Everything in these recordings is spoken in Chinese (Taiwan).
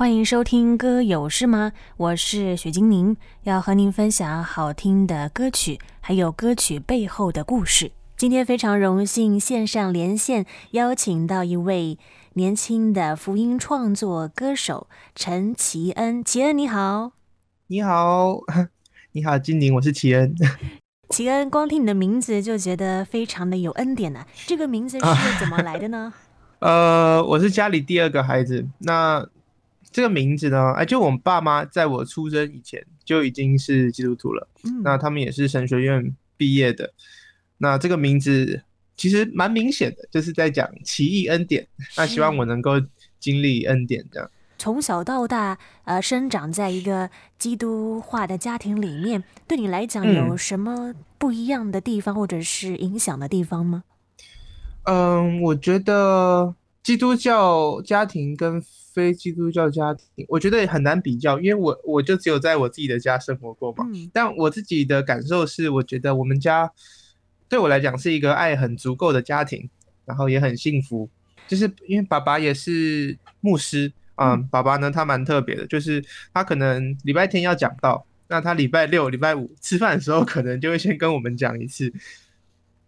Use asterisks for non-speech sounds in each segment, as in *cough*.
歡迎收聽歌友是嗎？我是許金寧，要和您分享好聽的歌曲，還有歌曲背後的故事。今天非常榮幸線上連線邀請到一位年輕的福音創作歌手陳奇恩。奇恩你好。你好，你好，金寧，我是奇恩。 *laughs* 奇恩，光聽你的名字就覺得非常的有恩典呢、啊，這個名字是怎麼來的呢？ *laughs* 呃，我是家裡第二個孩子，那。這個名字呢，哎，就我爸媽在我出生以前就已經是基督徒了。嗯，那他們也是神學院畢業的。那這個名字其實蠻明顯的，就是在講奇異恩典。那希望我能夠經歷恩典，這樣。從小到大，呃，生長在一個基督化的家庭裡面，對你來講有什麼不一樣的地方，或者是影響的地方嗎？嗯，嗯，我覺得基督教家庭跟非基督教家庭，我覺得很難比較，因為我我就只有在我自己的家生活過嘛。但我自己的感受是，我覺得我們家對我來講是一個愛很足夠的家庭，然後也很幸福。就是因為爸爸也是牧師，嗯，爸爸呢他蠻特別的，就是他可能禮拜天要講到，那他禮拜六、禮拜五吃飯的時候，可能就會先跟我們講一次。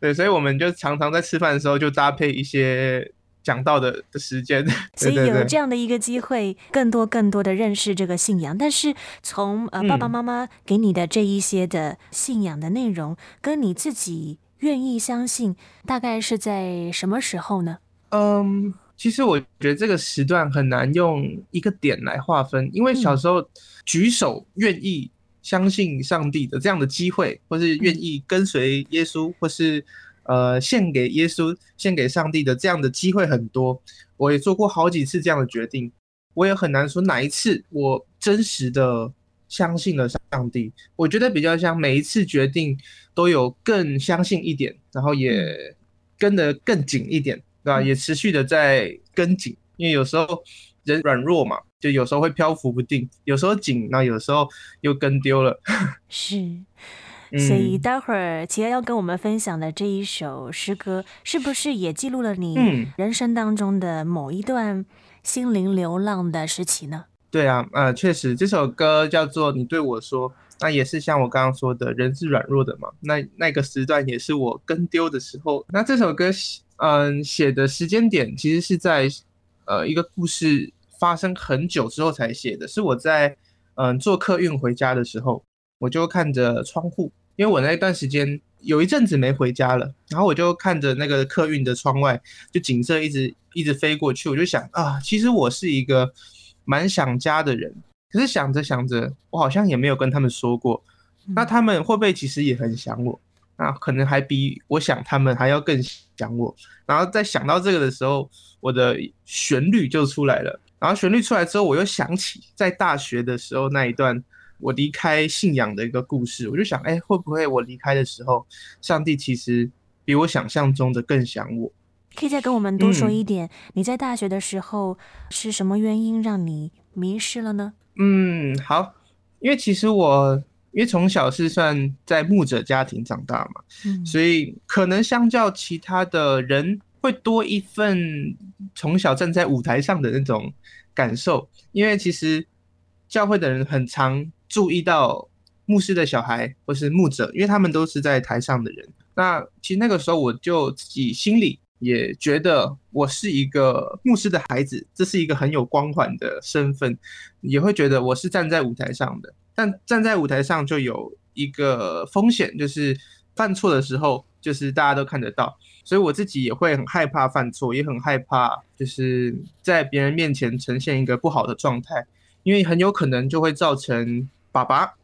對，所以我們就常常在吃飯的時候就搭配一些，講到的，的時間，所以有這樣的一個機會，更多更多的認識這個信仰。但是從呃，爸爸媽媽給你的這一些的信仰的內容，嗯，跟你自己願意相信，大概是在什麼時候呢？嗯，其實我覺得這個時段很難用一個點來劃分，因為小時候舉手願意相信上帝的這樣的機會，或是願意跟隨耶穌，或是。呃，獻給耶穌，獻給上帝的這樣的機會很多。我也做過好幾次這樣的決定，我也很難說哪一次我真實的相信了上帝。我覺得比較像每一次決定都有更相信一點，然後也跟得更緊一點，對、嗯、吧？也持續的在跟緊、嗯，因為有時候人軟弱嘛，就有時候會漂浮不定，有時候緊，那有時候又跟丟了。 *laughs* 是。所以待會兒奇恩要跟我們分享的這一首詩歌，是不是也記錄了你人生當中的某一段心靈流浪的時期呢？嗯嗯、對啊，呃，確實，這首歌叫做《你對我說》，那也是像我剛剛說的，人是軟弱的嘛。那那個時段也是我跟丟的時候。那這首歌，嗯，寫的時間點其實是在，呃，一個故事發生很久之後才寫的，是我在嗯坐客運回家的時候。我就看着窗戶，因為我那一段時間有一陣子沒回家了，然後我就看着那個客運的窗外，就景色一直一直飛過去，我就想啊，其實我是一個蠻想家的人，可是想着想着，我好像也沒有跟他們說過，那他們會不會其實也很想我？那可能還比我想他們還要更想我。然後在想到這個的時候，我的旋律就出來了。然後旋律出來之後，我又想起在大學的時候那一段。我離開信仰的一個故事，我就想，哎、欸，會不會我離開的時候，上帝其實比我想象中的更想我？可以再跟我們多說一點、嗯，你在大學的時候是什麼原因讓你迷失了呢？嗯，好，因為其實我因為從小是算在牧者家庭長大嘛，嗯、所以可能相較其他的人會多一份從小站在舞台上的那種感受，因為其實。教會的人很常注意到牧師的小孩或是牧者，因為他們都是在台上的人。那其實那個時候，我就自己心裡也覺得我是一個牧師的孩子，這是一個很有光環的身份，也會覺得我是站在舞台上的。但站在舞台上就有一個風險，就是犯錯的時候，就是大家都看得到。所以我自己也會很害怕犯錯，也很害怕就是在別人面前呈現一個不好的狀態。因為很有可能就會造成爸爸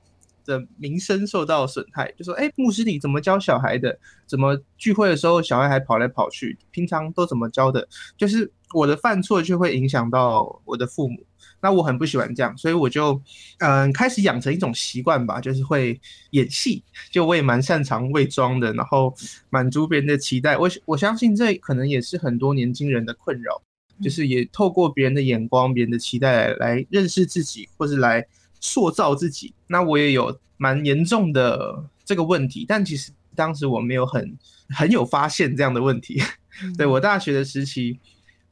的名聲受到損害，就說：“哎，牧師，你怎麼教小孩的？怎麼聚會的時候小孩還跑來跑去？平常都怎麼教的？就是我的犯錯就會影響到我的父母。那我很不喜歡這樣，所以我就嗯、呃、開始養成一種習慣吧，就是會演戲，就我也蠻擅長偽裝的，然後滿足別人的期待。我我相信這可能也是很多年輕人的困擾。”就是也透過別人的眼光、別人的期待來，來認識自己，或是來塑造自己。那我也有蠻嚴重的這個問題，但其實當時我沒有很很有發現這樣的問題。 *laughs* 對，我大學的時期，因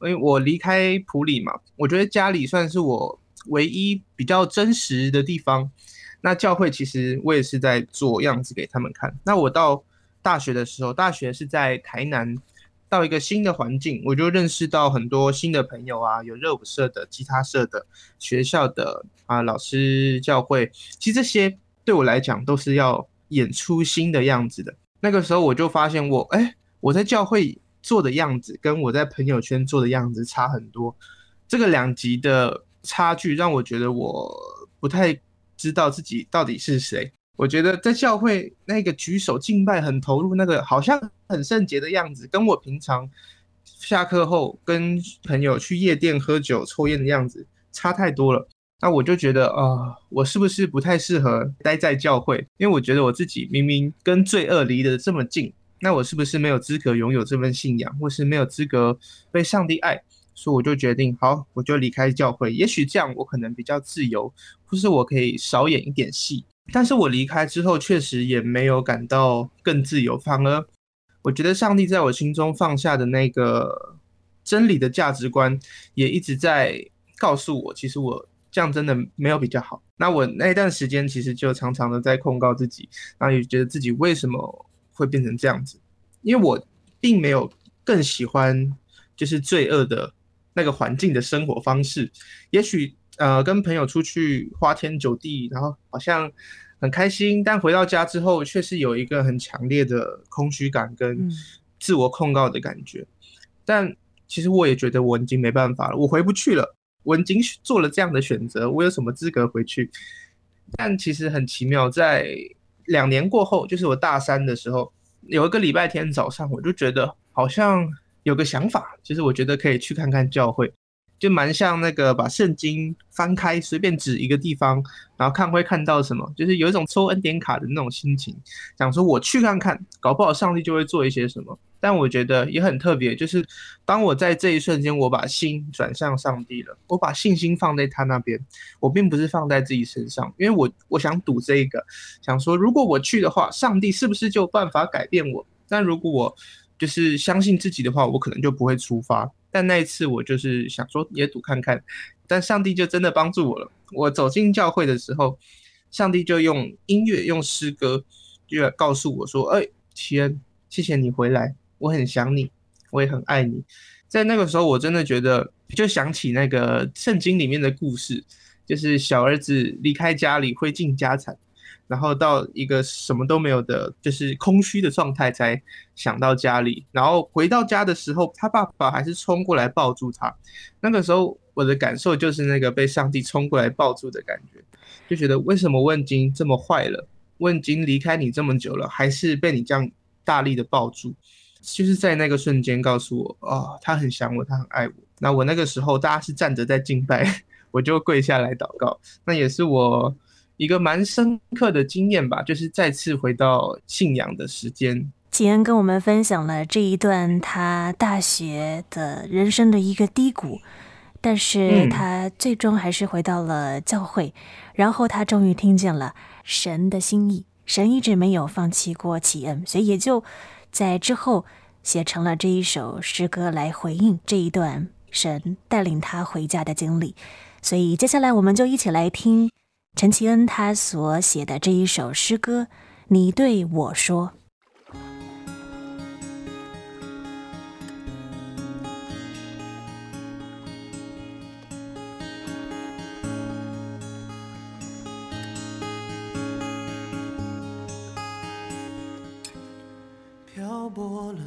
為我離開埔里嘛，我覺得家裡算是我唯一比較真實的地方。那教會其實我也是在做樣子給他們看。那我到大學的時候，大學是在台南。到一個新的環境，我就認識到很多新的朋友啊，有熱舞社的、吉他社的、學校的啊、老師教會。其實這些對我來講都是要演出新的樣子的。那個時候我就發現我，我、欸、哎，我在教會做的樣子跟我在朋友圈做的樣子差很多。這個兩極的差距讓我覺得我不太知道自己到底是誰。我覺得在教會那個舉手敬拜很投入，那個好像很聖潔的樣子，跟我平常下課後跟朋友去夜店喝酒抽菸的樣子差太多了。那我就覺得啊、呃，我是不是不太適合待在教會？因為我覺得我自己明明跟罪惡離得這麼近，那我是不是沒有資格擁有這份信仰，或是沒有資格被上帝愛？所以我就決定，好，我就離開教會。也許這樣我可能比較自由，或是我可以少演一點戲。但是我離開之後，確實也沒有感到更自由，反而我覺得上帝在我心中放下的那個真理的價值觀，也一直在告訴我，其實我這樣真的沒有比較好。那我那一段時間，其實就常常的在控告自己，然後也覺得自己為什麼會變成這樣子，因為我並沒有更喜歡就是罪惡的那個環境的生活方式，也許。呃，跟朋友出去花天酒地，然後好像很開心，但回到家之後，確實有一個很強烈的空虛感跟自我控告的感覺。嗯。但其實我也覺得我已經沒辦法了，我回不去了。我已經做了這樣的選擇，我有什麼資格回去？但其實很奇妙，在兩年過後，就是我大三的時候，有一個禮拜天早上，我就覺得好像有個想法，其實我覺得可以去看看教會。就蠻像那個把聖經翻開，隨便指一個地方，然後看會看到什麼，就是有一種抽恩典卡的那種心情，想說我去看看，搞不好上帝就會做一些什麼。但我覺得也很特別，就是當我在這一瞬間，我把心轉向上帝了，我把信心放在他那邊，我並不是放在自己身上，因為我我想賭這一個，想說如果我去的話，上帝是不是就有辦法改變我？但如果我就是相信自己的話，我可能就不會出發。但那一次我就是想說也賭看看，但上帝就真的幫助我了。我走進教會的時候，上帝就用音樂、用詩歌，就告訴我說：“哎、欸，奇恩，謝謝你回來，我很想你，我也很愛你。”在那個時候，我真的覺得就想起那個聖經裡面的故事，就是小兒子離開家裡，揮盡家產。然後到一個什麼都沒有的，就是空虛的狀態才想到家裡。然後回到家的時候，他爸爸還是衝過來抱住他。那個時候我的感受就是那個被上帝衝過來抱住的感覺，就覺得為什麼問津這麼壞了？問津離開你這麼久了，還是被你這樣大力的抱住，就是在那個瞬間告訴我，哦，他很想我，他很愛我。那我那個時候大家是站着在敬拜，我就跪下來禱告。那也是我。一個蠻深刻的經驗吧，就是再次回到信仰的時間。奇恩跟我們分享了這一段他大學的人生的一個低谷，但是他最終還是回到了教會，嗯、然後他終於聽見了神的心意。神一直沒有放棄過奇恩，所以也就在之後寫成了這一首詩歌來回應這一段神帶領他回家的經歷。所以接下來我們就一起來聽，陳奇恩他所寫的這一首詩歌，你對我說：“漂泊了。”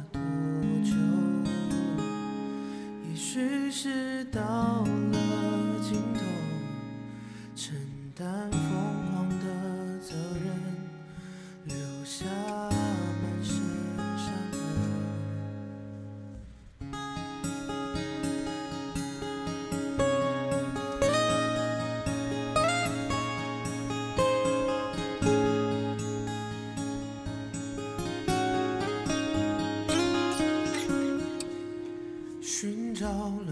找。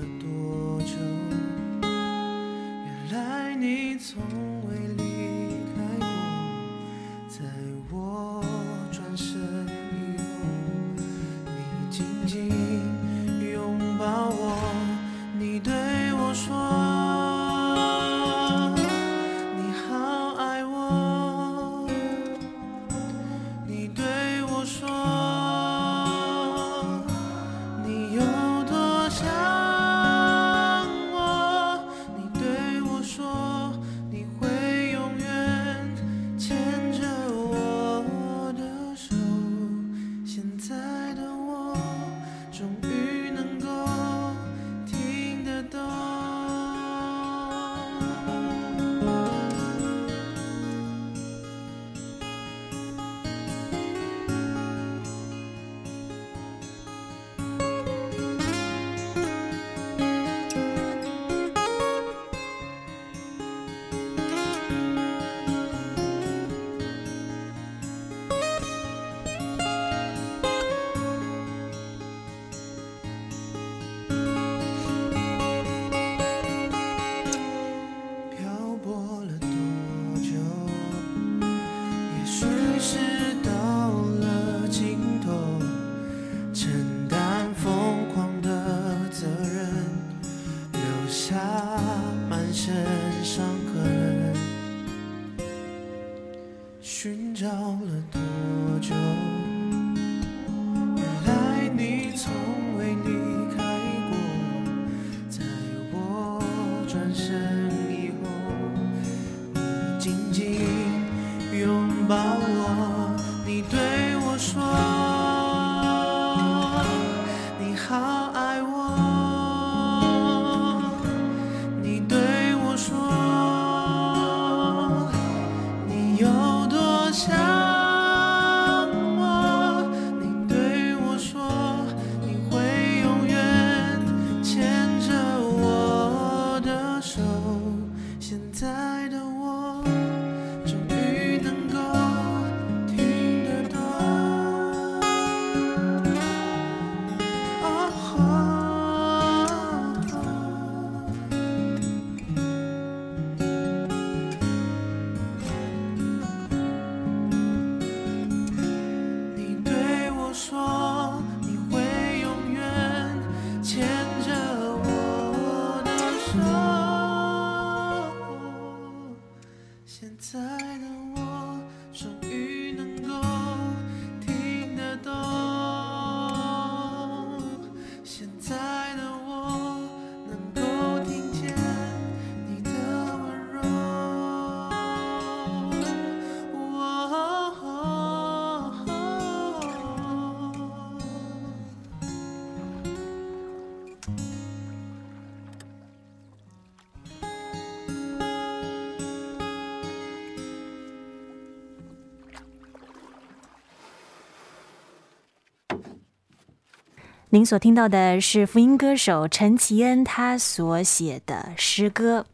您所聽到的是福音歌手陳奇恩他所寫的詩歌，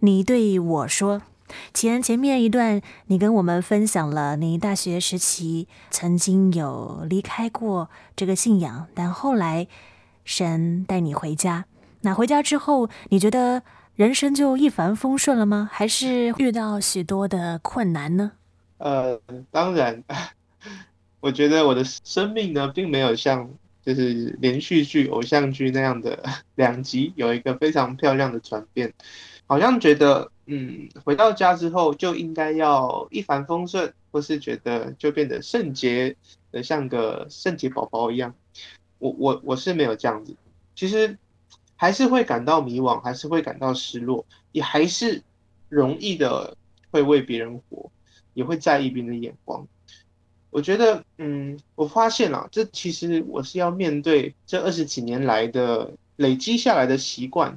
你對我說，奇恩，前面一段，你跟我們分享了你大學時期曾經有離開過這個信仰，但後來神帶你回家。那回家之後，你覺得人生就一帆風順了嗎？還是遇到許多的困難呢？呃，當然，我覺得我的生命呢，並沒有像。就是連續劇、偶像劇那樣的兩集，有一個非常漂亮的轉變，好像覺得，嗯，回到家之後就應該要一帆風順，或是覺得就變得聖潔的，像個聖潔寶寶一樣。我我我是沒有這樣子，其實還是會感到迷惘，還是會感到失落，也還是容易的會為別人活，也會在意別人的眼光。我覺得，嗯，我發現了、啊，這其實我是要面對這二十幾年來的累積下來的習慣，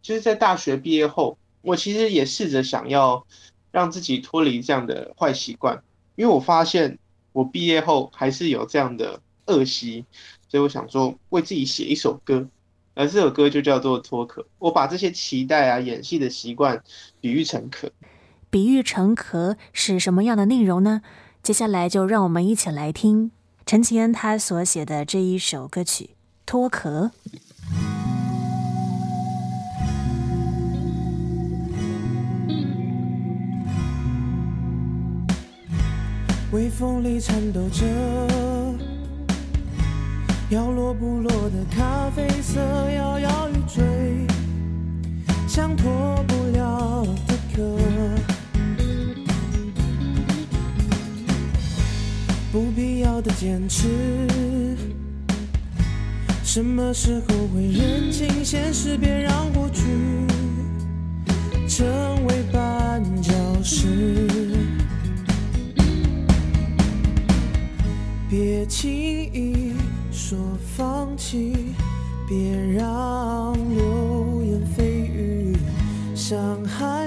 就是在大學畢業後，我其實也試着想要讓自己脫離這樣的壞習慣，因為我發現我畢業後還是有這樣的惡習，所以我想說，為自己寫一首歌，而這首歌就叫做脫殼。我把這些期待啊、演戲的習慣比喻成殼，比喻成殼是什麼樣的內容呢？接下來就讓我們一起來聽陳奇恩她所寫的這一首歌曲《脫殼》。微風裡顫抖着，搖落不落的咖啡色，搖搖欲墜，像脫不了的殼。不必要的堅持，什麼時候會認清現實？別讓過去成為絆腳石。別輕易說放棄，別讓流言蜚語傷害。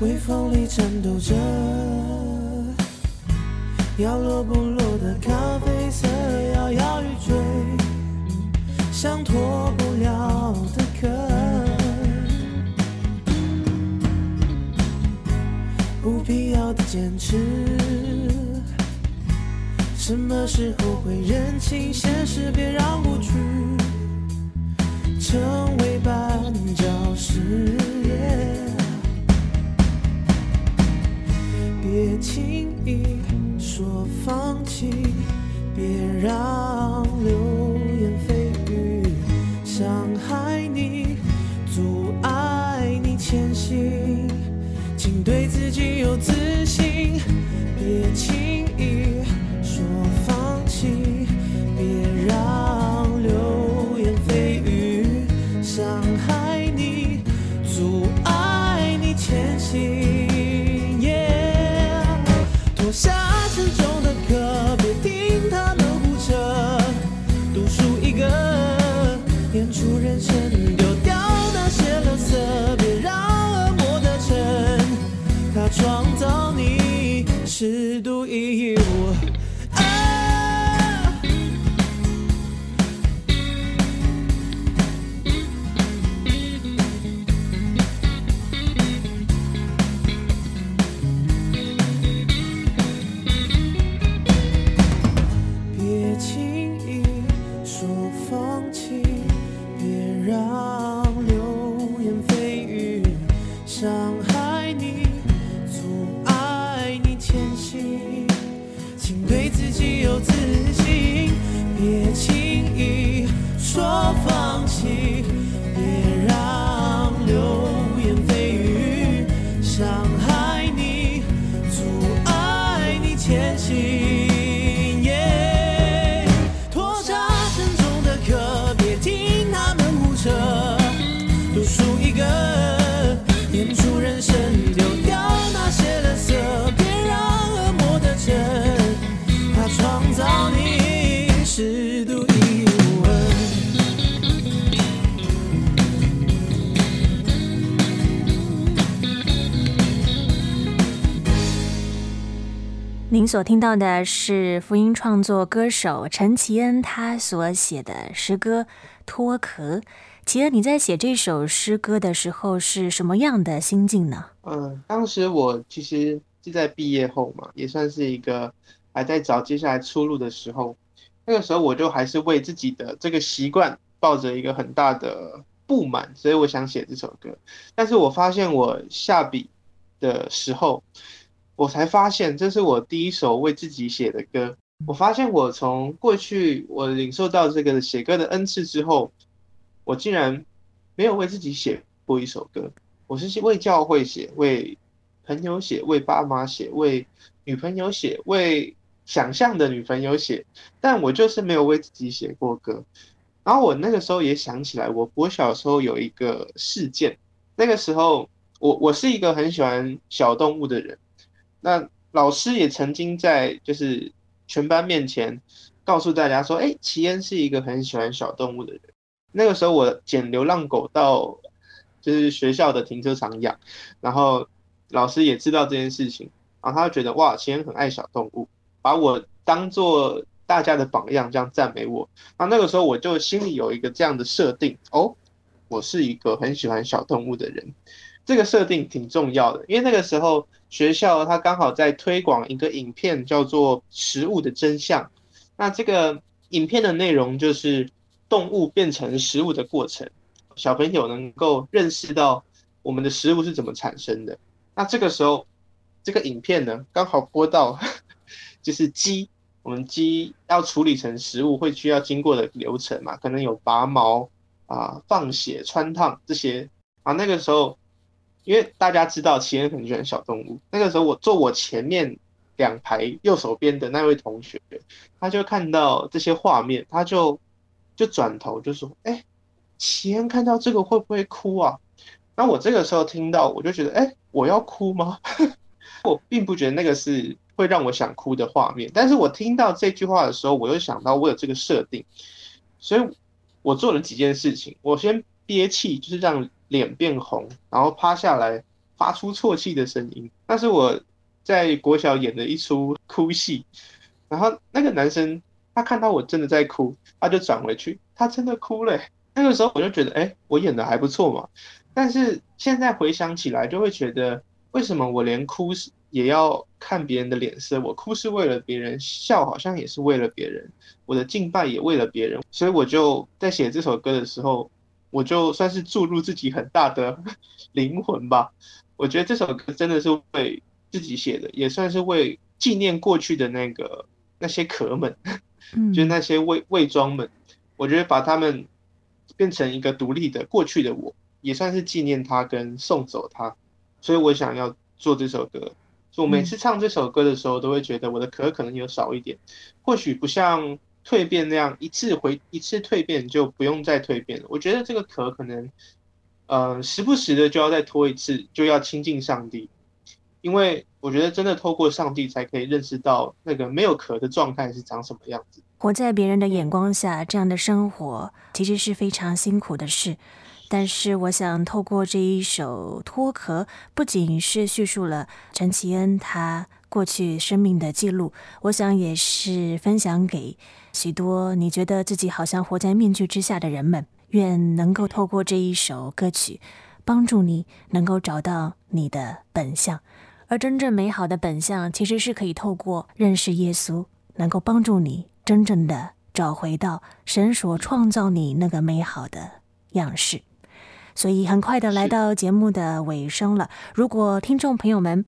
微風裡顫抖着，要落不落的咖啡色，搖搖欲墜，像脫不了的殼。 *noise* 不必要的堅持，什麼時候會認清現實？別讓過去成為絆腳石。Yeah. 別輕易說放棄，別讓流言蜚語傷害你，阻礙你前行。請對自己有自信，別輕易。所聽到的是福音創作歌手陳奇恩他所寫的詩歌《脫殼》。奇恩，你在寫這首詩歌的時候是什麼樣的心境呢？嗯，當時我其實就在畢業後嘛，也算是一個還在找接下來出路的時候。那個時候我就還是為自己的這個習慣抱着一個很大的不滿，所以我想寫這首歌。但是我發現我下筆的時候。我才發現，這是我第一首為自己寫的歌。我發現我從過去我領受到這個寫歌的恩賜之後，我竟然沒有為自己寫過一首歌。我是為教會寫，為朋友寫，為爸媽寫，為女朋友寫，為想象的女朋友寫，但我就是沒有為自己寫過歌。然後我那個時候也想起來，我我小時候有一個事件。那個時候我，我我是一個很喜歡小動物的人。那老師也曾經在就是全班面前告訴大家說，哎、欸，奇恩是一個很喜歡小動物的人。那個時候我撿流浪狗到就是學校的停車場養，然後老師也知道這件事情，然後他就覺得哇，奇恩很愛小動物，把我當作大家的榜樣這樣讚美我。那那個時候我就心裡有一個這樣的設定哦，我是一個很喜歡小動物的人。這個設定挺重要的，因為那個時候學校它剛好在推廣一個影片，叫做《食物的真相》。那這個影片的內容就是動物變成食物的過程，小朋友能夠認識到我們的食物是怎麼產生的。那這個時候，這個影片呢，剛好播到就是雞，我們雞要處理成食物會需要經過的流程嘛，可能有拔毛啊、放血、川燙這些啊。那個時候。因為大家知道奇恩肯定很喜歡小動物，那個時候我坐我前面兩排右手邊的那位同學，他就看到這些畫面，他就就轉頭就說：“哎、欸，奇恩看到這個會不會哭啊？”那我這個時候聽到，我就覺得：“哎、欸，我要哭嗎？” *laughs* 我並不覺得那個是會讓我想哭的畫面，但是我聽到這句話的時候，我又想到我有這個設定，所以我做了幾件事情，我先憋氣，就是讓。臉變紅，然後趴下來，發出啜泣的聲音。那是我在國小演的一齣哭戲，然後那個男生他看到我真的在哭，他就轉回去，他真的哭了。那個時候我就覺得，哎，我演的還不錯嘛。但是現在回想起來，就會覺得為什麼我連哭也要看別人的臉色？我哭是為了別人，笑好像也是為了別人，我的敬拜也為了別人。所以我就在寫這首歌的時候。我就算是注入自己很大的靈魂吧，我覺得這首歌真的是為自己寫的，也算是為紀念過去的那個那些殼們，就是那些偽偽裝們。我覺得把他們變成一個獨立的過去的我，也算是紀念他跟送走他，所以我想要做這首歌。我每次唱這首歌的時候，都會覺得我的殼可能有少一點，或許不像，蛻變那樣一次回一次蛻變，就不用再蛻變了。我覺得這個殼可能，呃，時不時的就要再脫一次，就要親近上帝，因為我覺得真的透過上帝才可以認識到那個沒有殼的狀態是長什麼樣子。活在別人的眼光下，這樣的生活其實是非常辛苦的事。但是我想透過這一首脫殼，不僅是敘述了陳奇恩他，過去生命的記錄，我想也是分享給許多你覺得自己好像活在面具之下的人們。願能夠透過這一首歌曲，幫助你能夠找到你的本相。而真正美好的本相，其實是可以透過認識耶穌，能夠幫助你真正的找回到神所創造你那個美好的樣式。所以很快的來到節目的尾聲了。如果聽眾朋友們，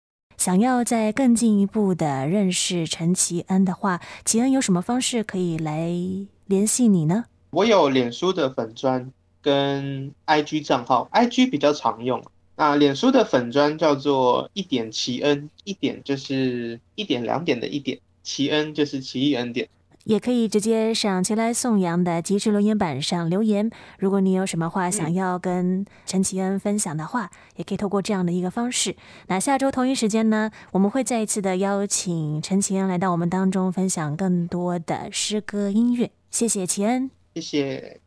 想要再更進一步的認識陳奇恩的話，奇恩有什麼方式可以來聯繫你呢？我有臉書的粉專跟 I G 賬號，I G 比較常用。那臉書的粉專叫做一點奇恩，一點就是一點兩點的一點，奇恩就是奇異恩典。也可以直接上《齊來頌揚》的即時留言板上留言。如果你有什麼話想要跟陳奇恩分享的話，嗯，也可以透過這樣的一個方式。那下周同一時間呢，我們會再一次的邀請陳奇恩來到我們當中，分享更多的詩歌音樂。謝謝奇恩，謝謝。